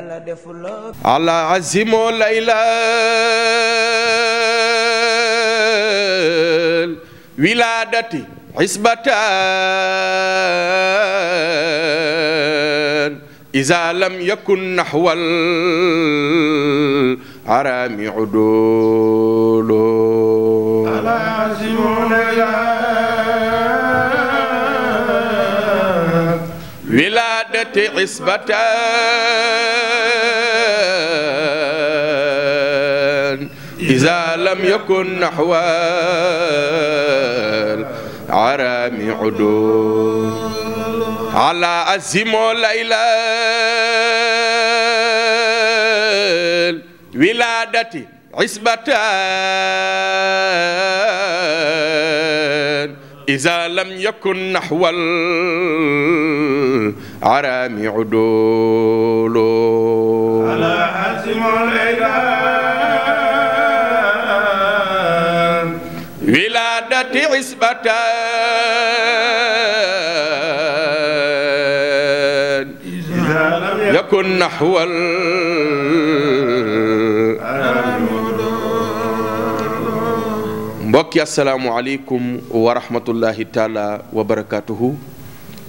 yàlla defuloo ala azimo laylal wilaadati xisbatan isa lam yakun naxwal arami udolo ala azimo إذا لم يكن نحو العرام عدو على أزم ليلى ولادتي عصبتان إذا لم يكن نحو العرام عدول على أزم ليلى الجنة عسبتان يكن نحو mbokki asalaamualeykum wa rahmatullahi taala wa barakaatuhu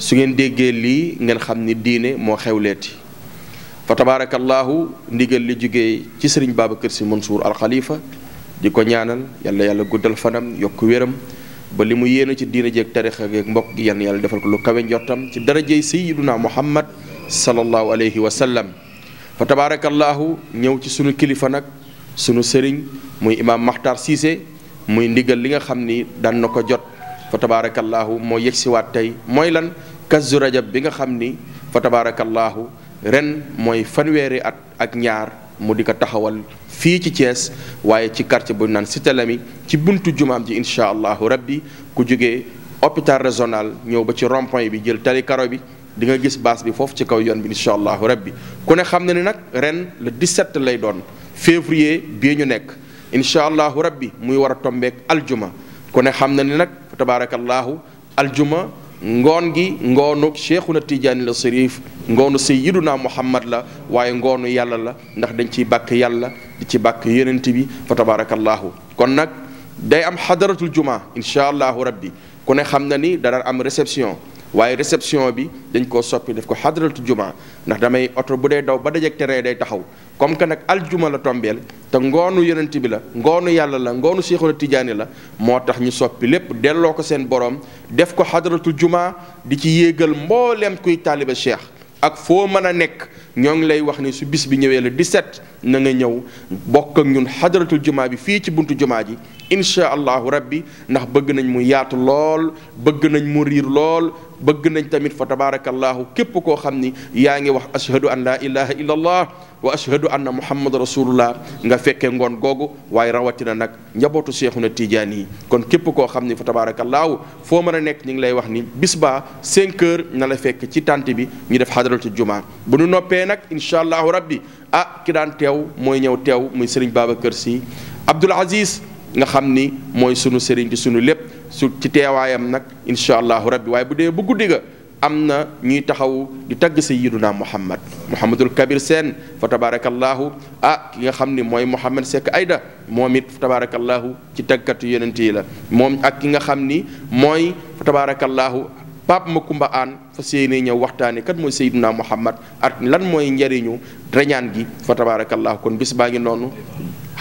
su ngeen déggee lii ngeen xam ni diine moo xewleeti fa tabaarakallaahu ndigal li jógee ci sëriñ Babacar Sy Mansour al Khalifa di ko ñaanal yàlla yàlla guddal fanam yokk wéram ba li mu yéene ci diina jeeg tarixa geeg mbokk gi yàlla yàlla defal ko lu kawe njortam ci darajey sayyiduna muhammad sallallahu alayhi wa sallam fa tabaarakallaahu ñëw ci sunu kilifa nag sunu sëriñ muy imaam Makhtar siise muy ndigal li nga xam ni daan na ko jot fa tabaarakallaahu moo yegsiwaat tey mooy lan kazu rajab bi nga xam ni fa tabaarakallaahu ren mooy fanweeri at ak ñaar mu di ko taxawal fii ci Thiès waaye ci quartier bu ñu naan Cité ci buntu jumaam ji incha allahu rabbi ku jóge hôpital régional ñëw ba ci rond bi jël tali karo bi di nga gis baas bi foofu ci kaw yoon bi incha allahu rabbi ku ne xam na ni nag ren le 17 lay doon février bii ñu nekk incha allahu rabbi muy war a tombeek aljuma ku ne xam na ni nag tabaarakallahu aljuma ngoon gi ngoonu Cheikhuna Tidiane la Sharif ngoonu Sayyiduna Muhammad la waaye ngoonu yàlla la ndax dañ ci bàkk yàlla di ci bàkk yonent bi fa tabarakallahu kon nag day am xadaratul juma incha allahu rabbi ku ne xam na ni dana am réception waaye reception bi dañ koo soppi def ko xadaratu jumaa ndax damay oto bu dee daw ba dajeg terrain day taxaw comme que nag aljuma la tombeel te ngoonu yonent bi la ngoonu yàlla la ngoonu seexul tijaani la moo tax ñu soppi lépp delloo ko seen borom def ko xadaratu jumaa di ci yéegal mboolem kuy taaliba cheikh ak foo mën a nekk ñoo ngi lay wax ni su bis bi ñëwee le 17 na nga ñëw bokk ak ñun xadaratul jumaa bi fii ci buntu jumaa ji incha allahu rabbi ndax bëgg nañ mu yaatu lool bëgg nañ mu riir lool bëgg nañ tamit fa tabaarakallaahu képp koo xam ni yaa ngi wax ashhadu an laa ilaha illa allah wa ashhadu anna muhammad rasulullah nga fekkee ngoon googu waaye rawatina nag njabootu na Tiijaan yi kon képp koo xam ni fa tabaarakallaahu foo mën a nekk ñu ngi lay wax ni bis baa 5 heures na la fekk ci tànt bi ñu def xadaratul jumaa bu nu noppee nag incha allahu rabbi ah ki daan teew mooy ñëw teew muy Serigne Babacar Sy Abdoul Aziz nga xam ni mooy sunu sëriñ bi sunu lépp su ci teewaayam nag incha allahu rabbi waaye bu dee bu guddi ga am na ñuy taxaw di tagg sayyiduna muhammad muhammadul kabir seen fa tabarakallahu ah ki nga xam ni mooy muhammad sekk ayda moom it fa tabarakallahu ci taggkatu yonent yi la moom ak ki nga xam ni mooy fa tabarakallahu Pape Makumba Aan fa séenee ñëw waxtaane kat mooy sayyiduna muhammad ak lan mooy njariñu reñaan gi fa tabarakallahu kon bis baa ngi noonu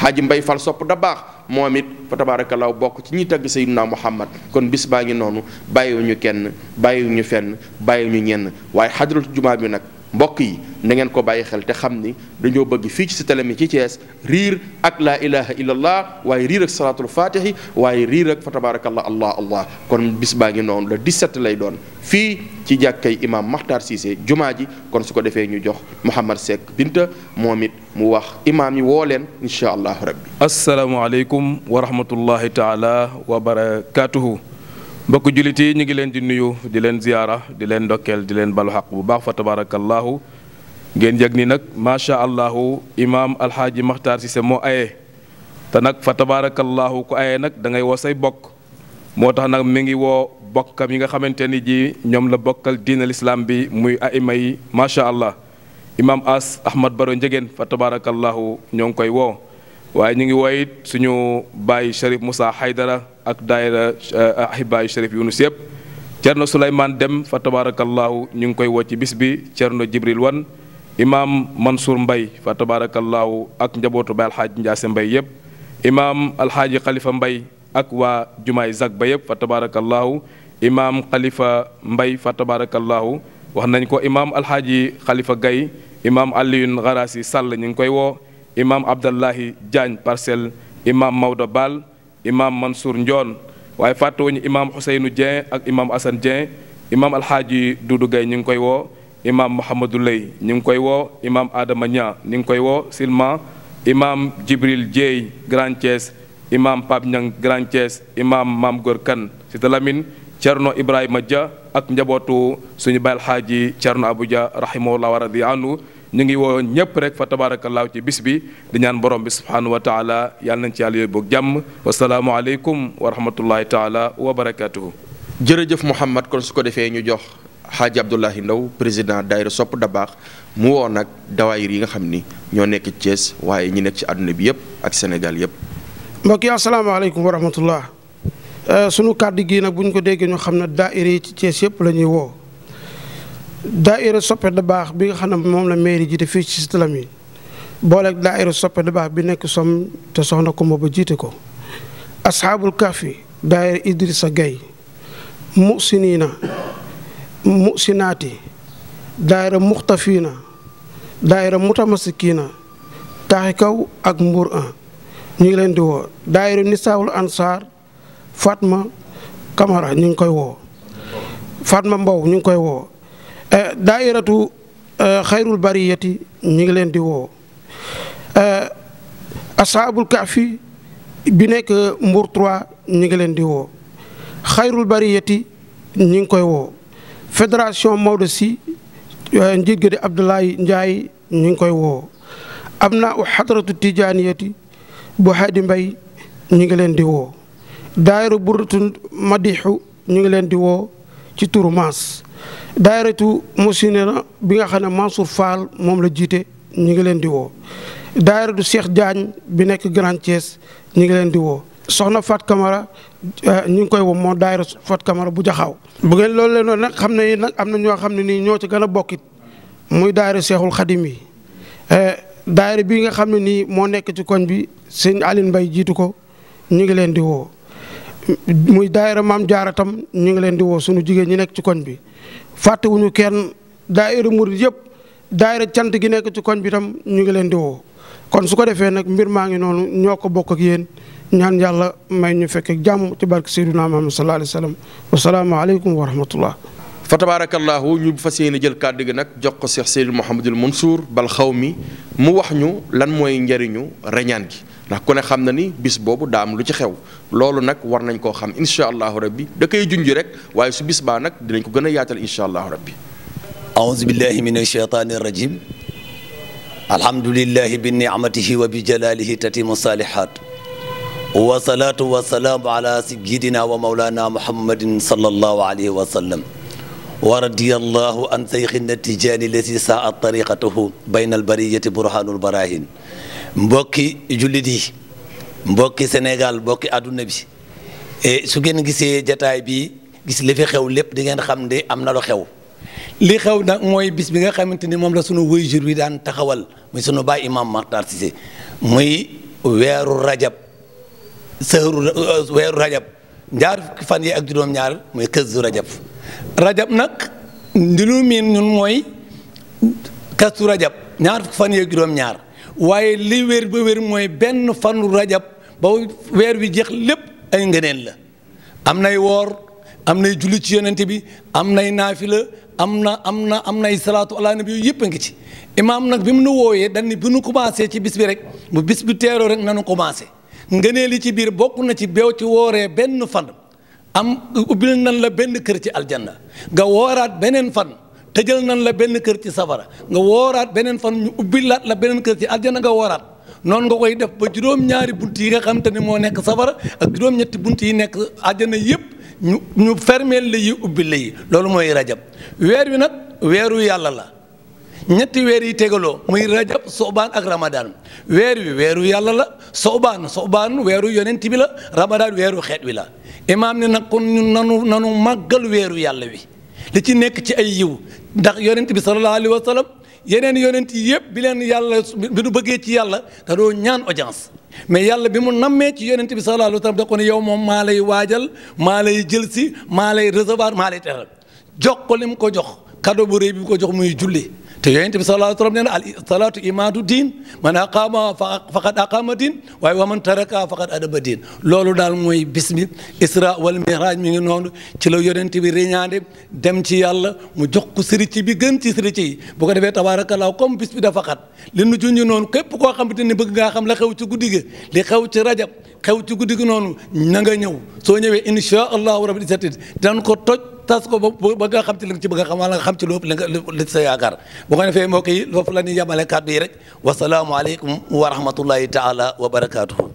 xaaji mbay fal sopp da baax moom it fa law bokk ci ñi tagg sayyiduna muhammad kon bis baa ngi noonu bàyyiwu ñu kenn bàyyiwu ñu fenn bàyyiwu ñu ñenn waaye xadratu jumaa bi nag mbokk yi na ngeen ko bàyyi xel te xam ni dañoo bëgg fii ci si telemi ci Thiès riir ak laa ilaha illallah waaye riir ak salaatul waaye riir ak fa tabarakallah allah allah kon bis baa ngi noonu di 17 lay doon fii ci jàkkay imam Makhtar Cissé jumaa ji kon su ko defee ñu jox Mouhamad Seck Binta moom it mu wax imaam yi woo leen incha allahu rabbi asalaamualeykum wa rahmatullahi taala wa barakatuhu mbokk jullit yi ñu ngi leen di nuyu di leen ziyaara di leen ndokkeel di leen balu xaq bu baax fa tabaarakallaahu ngeen yëg ni nag macha allahu imaam alxaaji maxtaar Cissé moo aye te nag fa tabaarakallaahu ku aye nag da ngay say bokk moo tax nag mi ngi woo bokkam yi nga xamante ni ji ñoom la bokkal diina lislaam bi muy aima yi macha allah imaam as ahmad baro njegéen fa tabaarakallaahu ñoo ngi koy woo waaye ñu ngi woy it suñu bàyyi Cherif Moussa Haydara ak daayira eh, eh, ahibaayu Cherif Yunus yëpp Cerno Souleymane Dem fa tabaarakallaahu ñu ngi koy woo ci bis bi Cerno Jibril Wan imaam Mansour Mbay fa tabaarakallaahu ak njabootu bay alxaaji Njaase Mbay yëpp imaam alxaaji Xalifa Mbay ak waa jumaay zag ba yëpp fa tabaarakallaahu imaam Xalifa Mbay fa tabaarakallaahu wax nañ ko imaam alxaaji Xalifa Gay imaam Aliyun Garaasi Sàll ñu ngi koy woo imam Abdallahi Diagne Parcelles imaam Maodo Bal imam Mansour Ndion waaye fàttewuñu imaam Ousseynou Dieng ak imaam Assane Dieng imam Alxaaji Doudou ñu ngi koy woo imam Mouhamadou ñu ngi koy woo imaam Adama Nia ñu ngi koy woo Silma imaam Jibril Dieye Grand Thiès imam Pape Niang Grand Thiès imam maam Gor Kane Cité Lamine Cerno Ibrahima Dia ak njabootu suñu baay Alxaaji Cerno Abu Dia rahimahullah wa radiya ñu ngi woo ñëpp rek fa tabaarakallaahu ci bis bi di ñaan borom bi subhaanahu wa taala yàlla nañ ci yàlla yooyu boog jàmm wasalaamualeykum wa rahmatullahi taala wa barakaatuhu. jërëjëf Mouhamad kon su ko defee ñu jox Xaaji Abdoulahi Ndaw président daayira Sopp baax mu woo nag dawaayir yi nga xam ni ñoo nekk Thiès waaye ñu nekk ci àdduna bi yëpp ak Sénégal yëpp. mbokk yi asalaamaaleykum wa rahmatullah euh, sunu kàddu gi nag bu ñu ko déggee ñu xam na daayira yi ci yëpp la ñuy woo. daaira soppe da baax bi nga xam na moom la mairie jiite fii ci Cité Lamy booleeg daaira soppe da baax bi nekk som te soxna ko ba jiite ko asxaabul kafi daaira Idrissa Gueye musinina musinaati daaira muxtafiina daaira mutamasikina taaxi kaw ak mbuur 1 ñu ngi leen di woo daayiru nisaawul ansaar Fatma Camara ñu ngi koy woo Fatma Mbow ñu ngi koy woo daairatu xayrul eh, bariyati ñu ngi leen di woo eh, ashaabul fi bi nekk Mbour 3 ñu ngi leen di woo xayrul bariyati ñu ngi koy woo fédération Maodo Sy eh, njiit ga di Abdoulaye Ndiaye ñu ngi koy woo am naa u xadratu tijaaniyati bu Hadi Mbay ñu ngi leen di woo daayira burtu madixu ñu ngi leen di woo ci turu maas daayiratu na bi nga xam ne Mansour faal moom la jiite ñu ngi leen di woo du Cheikh Diagne bi nekk Grand Thiès ñu ngi leen di woo soxna Fat Camara euh, ñu ngi koy woo moo daayira Fat Camara bu jaxaw bu ngeen loolu leen noonu nag xam ne nag am na ñoo xam ne nii ñoo ci gën a bokkit muy daayira Cheikhul Khadim yi euh, daayira bi nga xam ne nii moo nekk ci koñ bi sëñ Aline mbay jiitu ko ñu ngi leen di woo muy daayira Maam jaaratam tam ñu ngi leen di woo sunu jigéen ñi nekk ci koñ bi fàttewuñu kenn daayira murid yëpp daayira cant gi nekk ci koñ bi tam ñu ngi leen di woo kon su ko defee nag mbir maa ngi noonu ñoo ko bokk ak yéen ñaan yàlla may ñu fekk jàmm ci barke Seydina Muhammad sallallahu alayhi wa sallam wasalaamaaleykum wa rahmatullah fa tabaarakallaahu ñu fas yéene jël kàddu gi nag jox ko Cheikh Seydil Mouhamadul Mansour bal xaw mi mu wax ñu lan mooy njariñu reñaan gi ndax ku ne xam na ni bis boobu daam lu ci xew loolu nag war nañ koo xam incha allahu rabbi da koy rek waaye su bis baa nag dinañ ko gën a yaatal incha allahu a aouzu billahi min alcheytaani arrajim alhamdulillahi bi nicmatihi wa bi jalalihi tatimu salihat wa salaatu wa salaamu ala sayyidina wa mawlana muhammadin sallallahu alayhi wa sallam wa radiyallahu an sayxina tijaani lati saa tariqatuhu bayna albariyati burhanul barahin mbokki jullit yi mbokki Sénégal mbokki àdduna bi su ngeen gisee jataay bi gis li fi xew lépp di ngeen xam ne am na lu xew li xew nag mooy bis bi nga xamante ni moom la sunu waajur wi daan taxawal muy sunu baay Imam Makhtar Cissé muy weeru rajab sëru euh, weeru rajab ñaar fukki fan yi ak juróom-ñaar muy këstu rajab rajab nag li nu miin ñun mooy këstu rajab ñaar fukki fan yi ak juróom-ñaar. waaye li wér ba wér mooy benn fanu rajab ba weer wi jeex lépp ay ngëneen la am nay woor am nay jullit ci yonent bi am nay naafila am na am na am nay salaatu ala nabi yooyu a ngi ci imaam nag bi mu nu wooyee dañ ni bi nu commencé ci bis bi rek bu bis bi teeroo rek nanu commencé ngëneel yi ci biir bokk na ci beew ci wooree benn fan am ubbil nan la benn kër ci aljanna nga wooraat beneen fan tëjal nan la benn kër ci safara nga wooraat beneen fan ñu laat la beneen kër ci aljana nga wooraat noonu nga koy def ba juróom-ñaari bunt yi nga xam te ne moo nekk safara ak juróom-ñetti bunt yi nekk aljana yëpp ñu ñu fermeel la yi ubbi la yi loolu mooy rajab weer wi nag weeru yàlla la ñetti weer yi tegaloo muy rajab soobaan ak ramadaan weer wi weeru yàlla la soobaan soobaan weeru yonent bi la ramadaan weeru xeet wi la imaam ne nag kon ñun nanu nanu màggal weeru yàlla wi li ci nekk ci ay yiw ndax yonent bi sallallahu alayhi wa sallam yeneen yonent yi yëpp bi leen yàlla bi nu bëggee ci yàlla da doo ñaan audience mais yàlla bi mu nammee ci yonent bi sallallahu alayhi wa sallam da ko ne yow moom maa lay waajal maa lay jël si maa lay recevoir maa lay teral jox ko li mu ko jox cadeau bu rëy bi mu ko jox muy julli te yonent bi sallallahu alayhi wa sallam nee na al salaatu imaadu diin man aqaama faqad aqaama diin waaye wa man taraka faqad adaba diin loolu daal mooy bis isra wal miraaj mi ngi noonu ci la yonent bi riñaande dem ci yàlla mu jox ko sëric bi gën ci sëric yi bu ko defee tabaarakallaa comme bis bi dafa xat li nu junj noonu képp koo xamante ni bëgg ngaa xam la xew ci guddi gi li xew ci rajab xew ci guddi gi noonu na nga ñëw soo ñëwee incha allahu rabi isatit daan ko toj tas ko ba nga xam ci li ci bëgg a xam wala nga xam ci lu ëpp li sa yaakaar bu ko defee yi foofu la ñuy yemale kàddu yi rek wasalaamualeykum wa rahmatullahi taala wa barakaatuhu.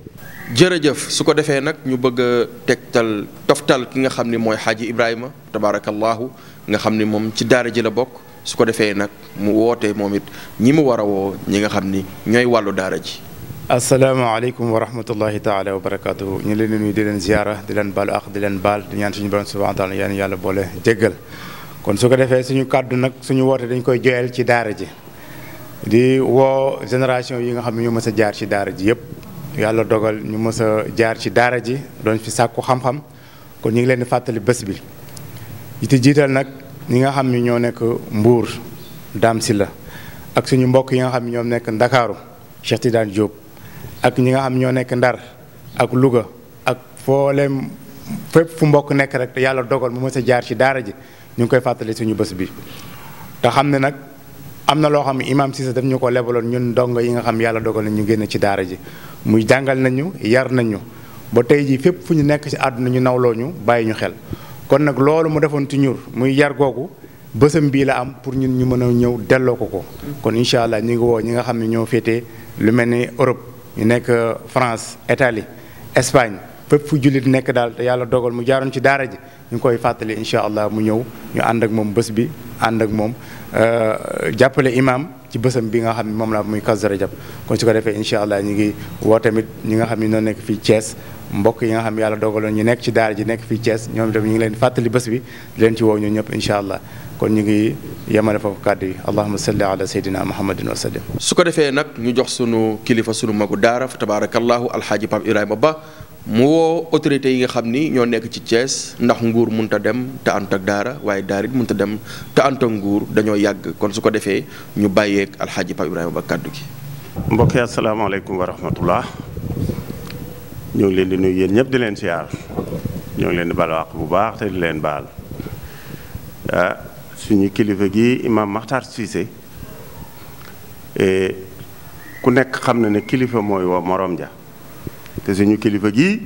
jërëjëf su ko defee nag ñu bëgg a tegtal toftal ki nga xam ni mooy xaaji Ibrahima tabaarakallaahu nga xam ni moom ci daara ji la bokk su ko defee nag mu wootee moom it ñi mu war a woo ñi nga xam ni ñooy wàllu daara ji. asalaamaaleykum wa rahmatullahi taala wa barakaatu ñu leen di nuyu di leen ziara di leen baalu ak di leen baal di ñaan suñu borom subhanahu wa taala yéen yàlla boole jéggal kon su ko defee suñu kàddu nag suñu woote dañ koy joyal ci daara ji di woo génération yi nga xam ne ñu mës jaar ci daara ji yëpp yàlla dogal ñu mës a jaar ci daara ji doon fi sàkku xam kon ñu ngi leen di fàttali bés bi iti jiital nag ñi nga xam ne ñoo nekk Mbour Dame la ak suñu mbokk yi nga xam ñoom nekk Ndakaaru Cheikh Tidiane Diop ak ñi nga xam ñoo nekk Ndar ak Louga ak fooleem fépp fu mbokk nekk rek te yàlla dogal mu mës a jaar ci daara ji ñu ngi koy fàttali suñu bës bi te xam ne nag am na loo xam imaam Cissé daf ñu ko lebaloon ñun ndongo yi nga xam yàlla dogal na ñu génn ci daara ji muy jàngal nañu yar nañu ba tey jii fépp fu ñu nekk ci àdduna ñu nawloo ñu bàyyi ñu xel kon nag loolu mu defoon ci ñur muy yar googu bësam bii la am pour ñun ñu mën a ñëw delloo ko kon incha allah ñu ngi woo ñi nga xam ne ñoo féetee lu mel ni Europe ñu nekk France Italie Espagne fépp fu jullit nekk daal te yàlla dogal mu jaaroon ci daara ji ñu ngi koy fàttali incha allah mu ñëw ñu ànd ak moom bés bi ànd ak moom euh, jàppale imam ci bësam bi nga xam moom la muy Kazu Rajab kon su ko defee incha allah ñu ngi woo tamit ñi nga xam ne ñoo nekk fii Thiès mbokk yi nga xam yàlla dogaloon ñu nekk ci daara ji nekk fi Thiès ñoom itam ñu leen fàttali bés bi di leen ci woo ñun ñëpp incha allah kon ñu ngi yemale foofu kàddu yi allahuma salli ala sayyidina muhammadin wa sallim su ko defee nag ñu jox sunu kilifa sunu magu daara fa tabaarakallahu alxaaji Pape Ibrahima Ba mu woo autorités yi nga xam ni ñoo nekk ci Thiès ndax nguur mënut a dem te antak ak daara waaye daara it mënut a dem te ànd nguur dañoo yàgg kon su ko defee ñu bàyyeek alxaaji Pape Ibrahima ba kàddu gi. mbokk yi asalaamaaleykum wa rahmatullah ñoo ngi leen di nuyu yéen ñëpp di leen siyaar ñoo leen di baal bu baax te di leen baal ah suñu kilifa gi imam Makhtar Cissé eh, ku nekk xam na ne kilifa mooy woo Morom ja te suñu kilifa gi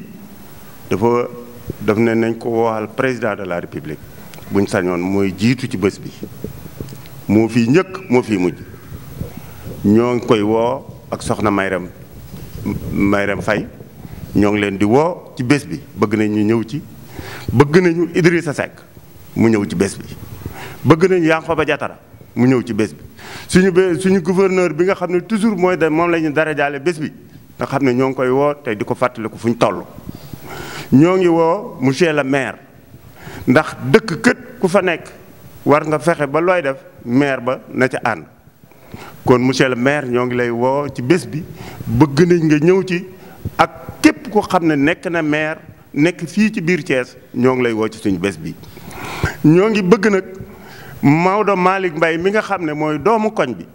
dafa daf ne nañ ko waxal président de la république buñ sañoon mooy jiitu ci bés bi moo fi njëkk moo fi mujj ñoo ngi koy woo ak soxna Mayram Mayram Faye ñoo ngi leen di woo ci bés bi bëgg nañ ñu ñëw ci bëgg nañu idri sa Seck mu ñëw ci bés bi bëgg nañu Yankhoba Diattara mu ñëw ci bés bi suñu suñu gouverneur bi nga xam ne toujours mooy de moom la ñu dara jaale bés bi nga xam ne ñoo ngi koy woo te di ko fàttaliku fu ñu toll. ñoo ngi woo monsieur le maire ndax dëkk kët ku fa nekk war nga fexe ba looy def maire ba na ca ànd kon monsieur le maire ñoo ngi lay woo ci bés bi bëgg nañ nga ñëw ci ak képp ko xam ne nekk na maire nekk fii ci biir Thiès ñoo ngi lay woo ci suñu bés bi. ñoo ngi bëgg nag Maodo maalik mbay mi nga xam ne mooy doomu koñ bi.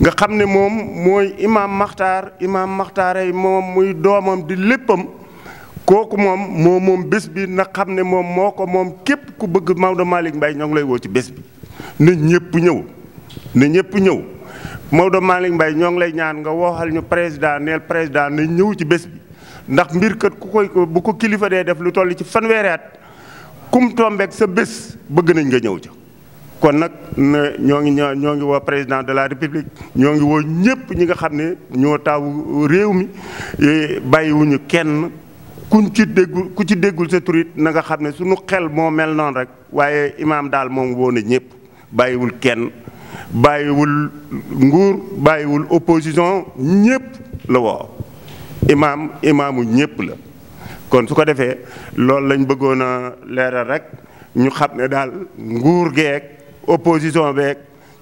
nga xam ne moom mooy imaam maxtaar imaam maxtaaray moom muy doomam di léppam kooku moom moo moom bés bi na xam ne moom moo ko moom képp ku bëgg Maodo Malick Mbaye ñoo ngi lay woo ci bés bi na ñëpp ñëw na ñëpp ñëw Maodo Malick Mbaye ñoo ngi lay ñaan nga wooxal ñu président neel président na ñëw ci bés bi ndax mbir kat ku koy bu ko kilifa dee def lu toll ci fanweeri at kum tombeek sa bés bëgg nañ nga ñëw ca kon nag ñoo ngi ñoo ngi woo président de la république ñoo ngi woo ñëpp ñi nga xam ne ñoo taawu réew mi e bàyyiwuñu kenn kuñ ci déggul ku ci déggul sa turit na nga xam ne suñu xel moo mel noonu rek waaye imaam daal moom woo na ñëpp bàyyiwul kenn bàyyiwul nguur bàyyiwul opposition ñëpp la woo imaam imaamu ñëpp la kon su ko defee loolu lañ bëggoon a leeral rek ñu xam ne daal nguur geek opposition beeg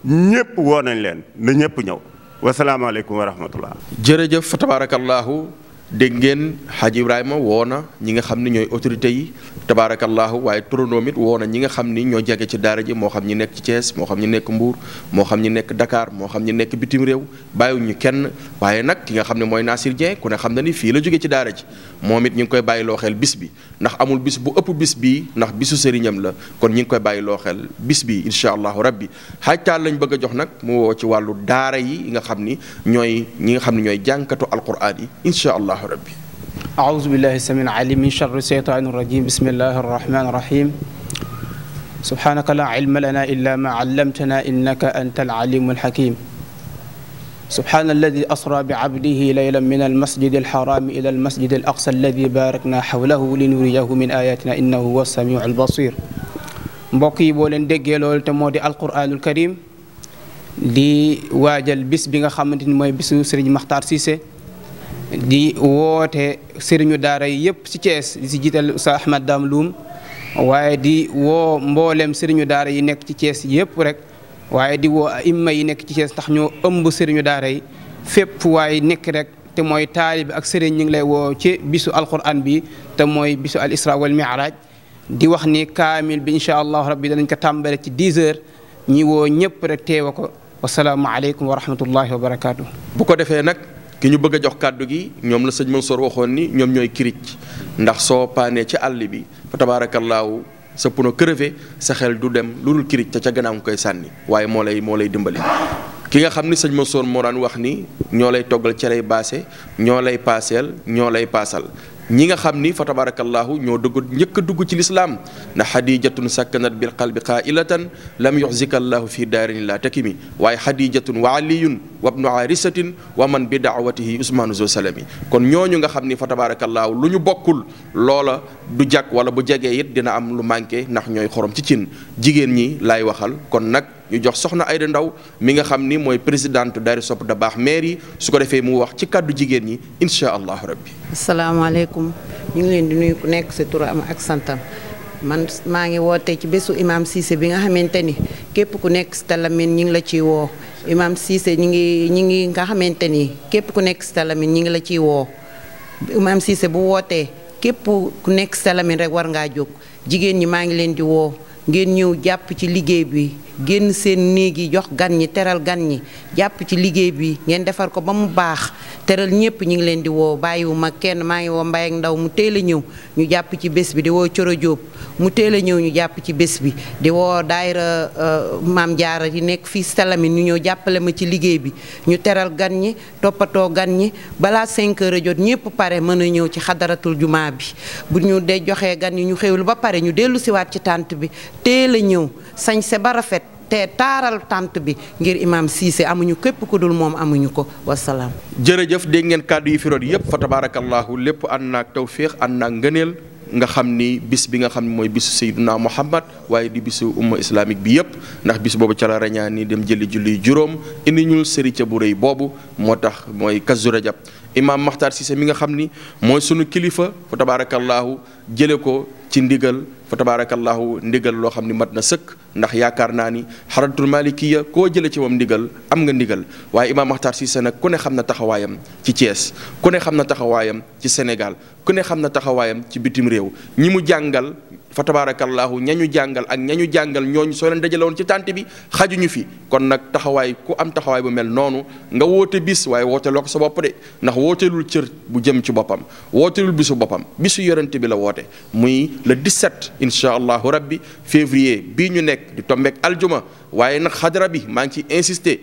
ñëpp woo nañ leen na ñëpp ñëw wasalaamaaleykum wa rahmatullah jërëjëf fa tabaarakallaahu dégg ngeen Hadj Ibrahima woo na ñi nga xam ni ñooy autorités yi tabaarakallaahu waaye turandoom it woo na ñi nga xam ni ñoo jege ci daara ji moo xam ñi nekk ci Thiès moo xam ñi nekk Mbour moo xam ñi nekk Dakar moo xam ñi nekk bitim réew bàyyiwuñu kenn waaye nag ki nga xam ne mooy Nasir Dieng ku ne xam na ni fii la jóge ci daara ji moom ñu ngi koy bàyyi loo xel bis bi ndax amul bis bu ëpp bis bi ndax bisu sëriñam la kon ñu ngi koy bàyyi loo xel bis bi incha allahu rabbi xaajtaal lañ bëgg a jox nag mu woo ci wàllu daara yi nga xam ni ñooy ñi nga xam ni ñooy jànkatu alquran yi incha allah allahu rabbi أعوذ بالله السميع العليم من شر الشيطان الرجيم بسم الله الرحمن الرحيم سبحانك لا علم لنا إلا ما علمتنا إنك أنت العليم الحكيم سبحان الذي أسرى بعبده ليلا من المسجد الحرام إلى المسجد الأقصى الذي باركنا حوله لنريه من آياتنا إنه هو السميع البصير mbokk yi boo leen déggee loolu te moo di alquranul karim di waajal bis bi nga xamante ni mooy bisu Serigne Makhtar Cissé di woote seriñu daara yi yëpp ci Thiès si jiital sa Ahmad Dam Loum waaye di woo mboolem sëriñu daara yi nekk ci cees yëpp rek waaye di woo imma yi nekk ci Thiès ndax ñoo ëmb seriñu daara yi fépp waaye nekk rek te mooy taalibi ak sëriñ ñu ngi lay woo ci bisu alquran bi te mooy bisu al isra wal mi'raj di wax ni kaamil bi incha allah rabbi danañ ko tàmbale ci 10 heures ñi woo ñëpp rek teewa ko wasalaamualeykum wa rahmatullahi defee nag. ki ñu bëgg a jox kàddu gi ñoom la sëñ Mansour waxoon ni ñoom ñooy kiricc ndax soo paanee ci àll bi fa tabaarakallaahu sa puno crevé sa xel du dem lu dul kiricc te ca gannaaw nga koy sànni waaye moo lay moo lay dimbali. ki nga xam ni sëñ Mansour moo daan wax ni ñoo lay toggal cere baase ñoo lay paaseel ñoo lay paasal ñi nga xam ni fa tabarakallahu ñoo dugg njëkk a dugg ci lislaam na xadijatun sakkanat bil qalbi qailatan lam yuxzika allahu fi daarin la takimi waaye xadijatun wa aliyun wa bnu arisatin wa man bi daawatihi usmaanu zo salami kon ñooñu nga xam ni fa tabarakallahu lu ñu bokkul loola du jag wala bu jege yit dina am lu manqué ndax ñooy xorom ci cin jigéen ñi laay waxal kon nag ñu jox soxna Ayda Ndaw mi nga xam ni mooy présidente daari sopp da baax maire yi su ko defee mu wax ci kàddu jigéen ñi inchaa allahu rabbi asalaamaaleykum ñu ngi leen di nuyu ku nekk si sa am ak santam man maa ngi wootee ci bésu imaam Cissé bi nga xamante ni képp ku nekk si Talamine ñi ngi la ciy woo imam Cissé ñi ngi ñi ngi nga xamante ni képp ku nekk si Talamine ñi ngi la ciy woo imam Cissé bu wootee képp ku nekk si Talamine rek war ngaa jóg jigéen ñi maa ngi leen di woo ngeen ñëw jàpp ci liggéey bi génn seen néeg yi jox gan ñi teral gan ñi jàpp ci liggéey bi ngeen defar ko ba mu baax teral ñëpp ñu ngi leen di woo bàyyiwu ma kenn maa ngi woo mbay ak ndaw mu teel a ñëw ñu jàpp ci bés bi di woo Coro Jóob mu teel a ñëw ñu jàpp ci bés bi di woo daayira euh, maam jaara yi nekk fii Salamine ñu ñëw jàppale ma ci liggéey bi ñu teral gan ñi toppatoo gan ñi balaa 5 heures a jot ñëpp pare mën a ñëw ci xadaratul jumaa bi bu ñu dee joxee gan yi ñu xewlu ba pare ñu dellu siwaat ci tànt bi teel a ñëw sañse ba rafet te taaral tànt bi ngir imaam Cissé amuñu képp ku dul moom amuñu ko wasalaam. jërëjëf dégg ngeen kàddu yi fi root yëpp fa tabaarakallaahu lépp ànd naag tawféex ànd naag ngëneel. nga xam ni bis bi nga xam ni mooy bisu Seydina Muhammad waaye di bisu umma islamique bi yëpp ndax bis boobu ca la rañaa ni dem jëli julli juróom indi ñul sëri ca bu rëy boobu moo tax mooy Kazu Rajab imaam Maxtaar Cissé mi nga xam ni mooy sunu kilifa fa tabaarakallaahu jële ko ci ndigal fa tabaarakallaahu ndigal loo xam ni mat na sëkk ndax yaakaar naa ni xaratul malikiya koo jële ci moom ndigal am nga ndigal waaye imaam Makhtar Cissé nag ku ne xam na taxawaayam ci Thiès ku ne xam na taxawaayam ci Sénégal ku ne xam na taxawaayam ci bitim réew ñi mu jàngal fa tabaarakallaahu ñañu jàngal ak ñañu jàngal ñooñu soo leen woon ci tànt bi xajuñu fi kon nag taxawaay ku am taxawaay bu mel noonu nga woote bis waaye wooteloo ko sa bopp de ndax wooteelul cër bu jëm ci boppam wooteelul bisu boppam bisu yorante bi la woote muy le 17 incha allahu rabbi février bii ñu nekk di tombeek aljuma waaye nag xadara bi maa ngi ci insister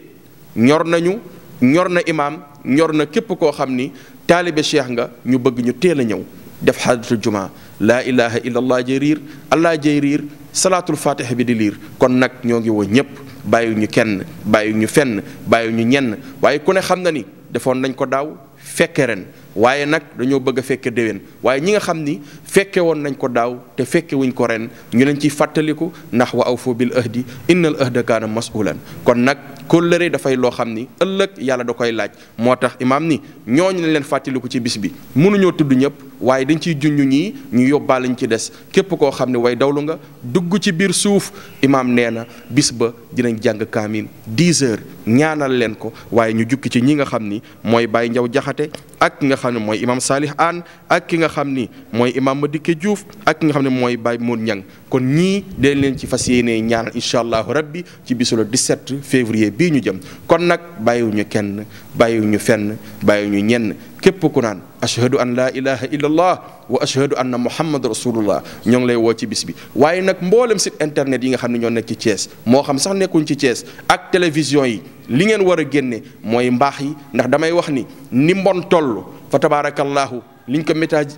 ñor nañu ñor na imaam ñor na képp koo xam ni taalibe cheikh nga ñu bëgg ñu teel a ñëw def xadratul jumaa laa ilaha illa allah jay riir allah jay riir salaatul fatiha bi di liir kon nag ñoo ngi woon ñépp bàyyi ñu kenn bàyyi ñu fenn bàyyi ñu ñenn waaye ku ne xam na ni defoon nañ ko daaw fekke ren waaye nag dañoo bëgg a fekke déwén waaye ñi nga xam ni fekke woon nañ ko daaw te fekke wuñ ko ren ñu leen ciy fàttaliku ndax wa aw awfu bil ahdi innal ahda kaana masulan kon nag kóllëre dafay loo xam ni ëllëg yàlla da koy laaj moo tax imaam ni ñooñu ne leen fàttaliku ci bis bi mënuñoo tudd ñëpp waaye dañ ciy junj ñii ñu yóbbaale ñu ci des képp koo xam ne way dawlu nga dugg ci biir suuf imaam nee na bis ba dinañ jàng kaamil 10 heures ñaanal leen ko waaye ñu jukki ci ñi nga xam ni mooy Baye Njaw Jaxate ak ki nga xam ne mooy imaam Salih Aan ak ki nga xam ni mooy imaam Madické Diouf ak ki nga xam ne mooy Baye Mour Ñang kon ñii dañ leen ci fas yéenee ñaanal incha allahu rabbi ci bisu le 17 février bii ñu jëm kon nag bàyyiwuñu kenn bàyyiwuñu fenn bàyyiwuñu ñenn. képp ku naan ashhadu an laa ilaha illallah wa ashhadu anna muhammad rasulullah ñoo ngi lay woo ci bisbi waaye nag mboolem site internet yi nga xam ne ñoo nekk ci Thiès moo xam sax nekkuñ ci cees ak télévision yi li ngeen war a génne mooy mbaax yi ndax damay wax ni ni mbon toll fa tabaarakallaahu liñ ko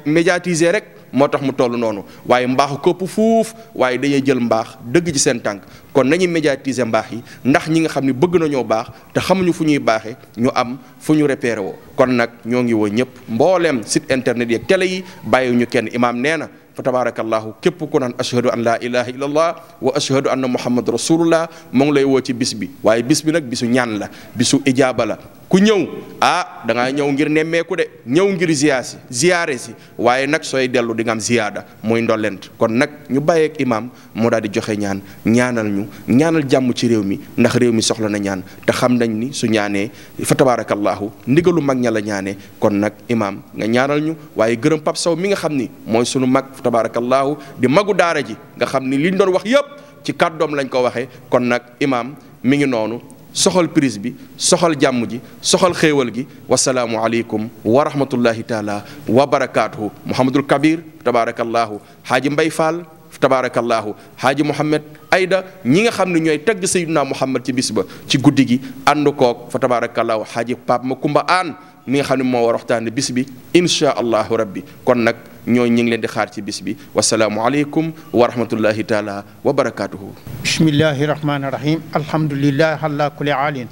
médiatiser rek moo tax mu toll noonu waaye mbaaxu këpp fuuf waaye dañuy jël mbaax dëgg ci seen tànk kon nañuy médiatiser mbaax yi ndax ñi nga xam ne bëgg nañoo baax te xamuñu fu ñuy baaxee ñu am fu ñu repéré woo kon nag ñoo ngi woo ñëpp mbooleem site internet yeeg télé yi bàyyiwuñu kenn imaam nee na fa tabarakallahu képp ku naan ashhadu an laa ilaha illa allah wa ashhadu anna muhammad rasulullah moo ngi lay woo ci bis bi waaye bis bi nag bisu ñaan la bisu ijaaba la ku ñëw ah da ngaa ñëw ngir nemmeeku de ñëw ngir ziyaar si ziyaare si waaye nag sooy dellu di nga am ziyaada muy ndollent kon nag ñu bàyyeek imaam moo daal di joxe ñaan ñaanal ñu ñaanal jàmm ci réew mi ndax réew mi soxla na ñaan te xam nañ ni su ñaanee fa tabaarakallaahu ndigalu mag ña la ñaanee kon nag imaam nga ñaanal ñu waaye gërëm Pape Sow mi nga xam ni mooy sunu mag fa tabaarakallaahu di magu daara ji nga xam ni liñ doon wax yépp ci kàddoom lañ ko waxee kon nag imaam mi ngi noonu soxal prise bi soxal jàmm ji soxal xéewal gi wasalaamu aleykum wa rahmatullahi taala wa barakaatuhu Mouhamadul Kabir tabaarakallaahu Xaaji Mbay Fall tabaarakallaahu Xaaji Mouhamed Ayda ñi nga xam ne ñooy tagg Seydina Mouhamed ci bis ba ci guddi gi ànd koog fa tabaarakallaahu Xaaji ma Makumba Aan mi nga xam ne moo war waxtaane bis bi incha allahu rabbi kon nag. ñooñu ñu ngi leen di xaar ci bis bi wasalaamualeykum wa rahmatullahi taala wa barakaatuhu. bismillahi rahmaani rahim alhamdulilah ala kulli aalin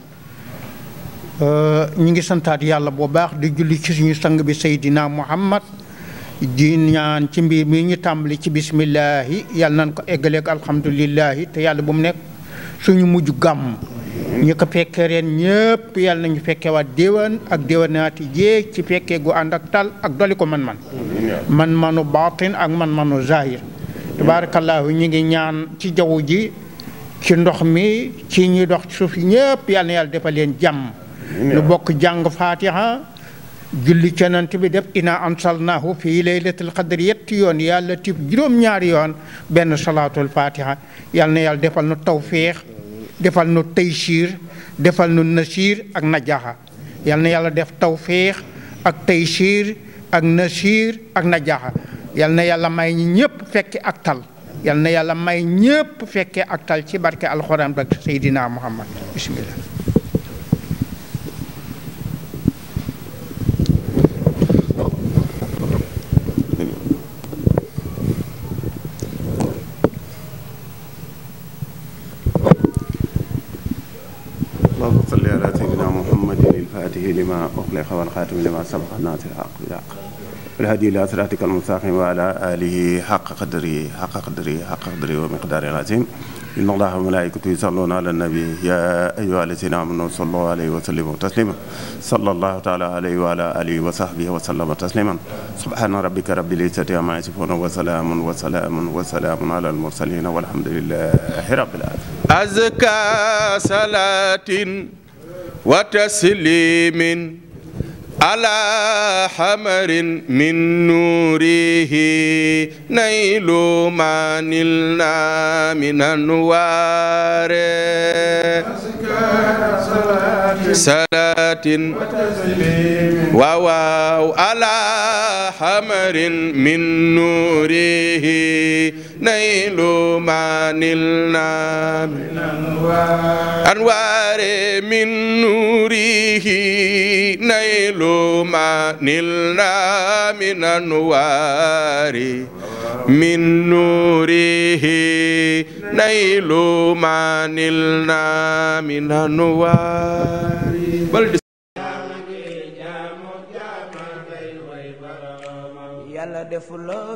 ñu ngi santaat yàlla boo baax di julli ci suñu sang bi Seydina Muhammad di ñaan ci mbiir mi ñu tàmbali ci bismillahi yàlla nan ko eggaleeg alhamdulilah te yàlla bu mu nekk. suñu mujj gàmm ñu ko fekkee ren ñëpp yàlla nañu fekkewaat déwén ak déwénaati jéeg ci fekkee gu ànd ak tal ak doli man-man manu baatin ak man-manu zahir tabaarakallaahu ñu ngi ñaan ci jaww ji ci ndox mi ci ñuy dox ci suuf yi ñëpp yàlla na yàlla defal leen jàmm ñu bokk jàng faatiha julli canant bi def ina ansalnahu fii laylatul qadr yetti yoon yàlla tib juróom-ñaari yoon benn salaatul fatiha yàlla na yàlla defal nu tawféex defal nu taysiir defal nu nasiir ak najaxa yàlla na yàlla def tawféex ak taysiir ak nasiir ak najaxa yàlla na yàlla may ñi ñépp fekke ak tal yàlla na yàlla may ñépp fekkee ak tal ci barke alxuraan ba seydina muhammad bismillah فاتحه لما أغلق والخاتم لما سبق الناصر الحق بالحق الهدي إلى صراطك المستقيم وعلى آله حق قدره حق قدره حق قدره ومقداره العظيم إن الله وملائكته يصلون على النبي يا أيها الذين آمنوا صلوا عليه وسلموا تسليما صلى الله تعالى عليه وعلى آله وصحبه وسلم تسليما سبحان ربك رب العزة عما يصفون وسلام وسلام وسلام على المرسلين والحمد لله رب العالمين أزكى صلاة وتسليم على حمر من نوره نيل ما نلنا من أنواره salaatin waaw waaw alaa xamarin min nuurihi naylu maanil naam anwaare min nuurihi naylu maanil naam anwaare min nuurihi naylu maanil naam lanuwaari bal di yàlla defuloo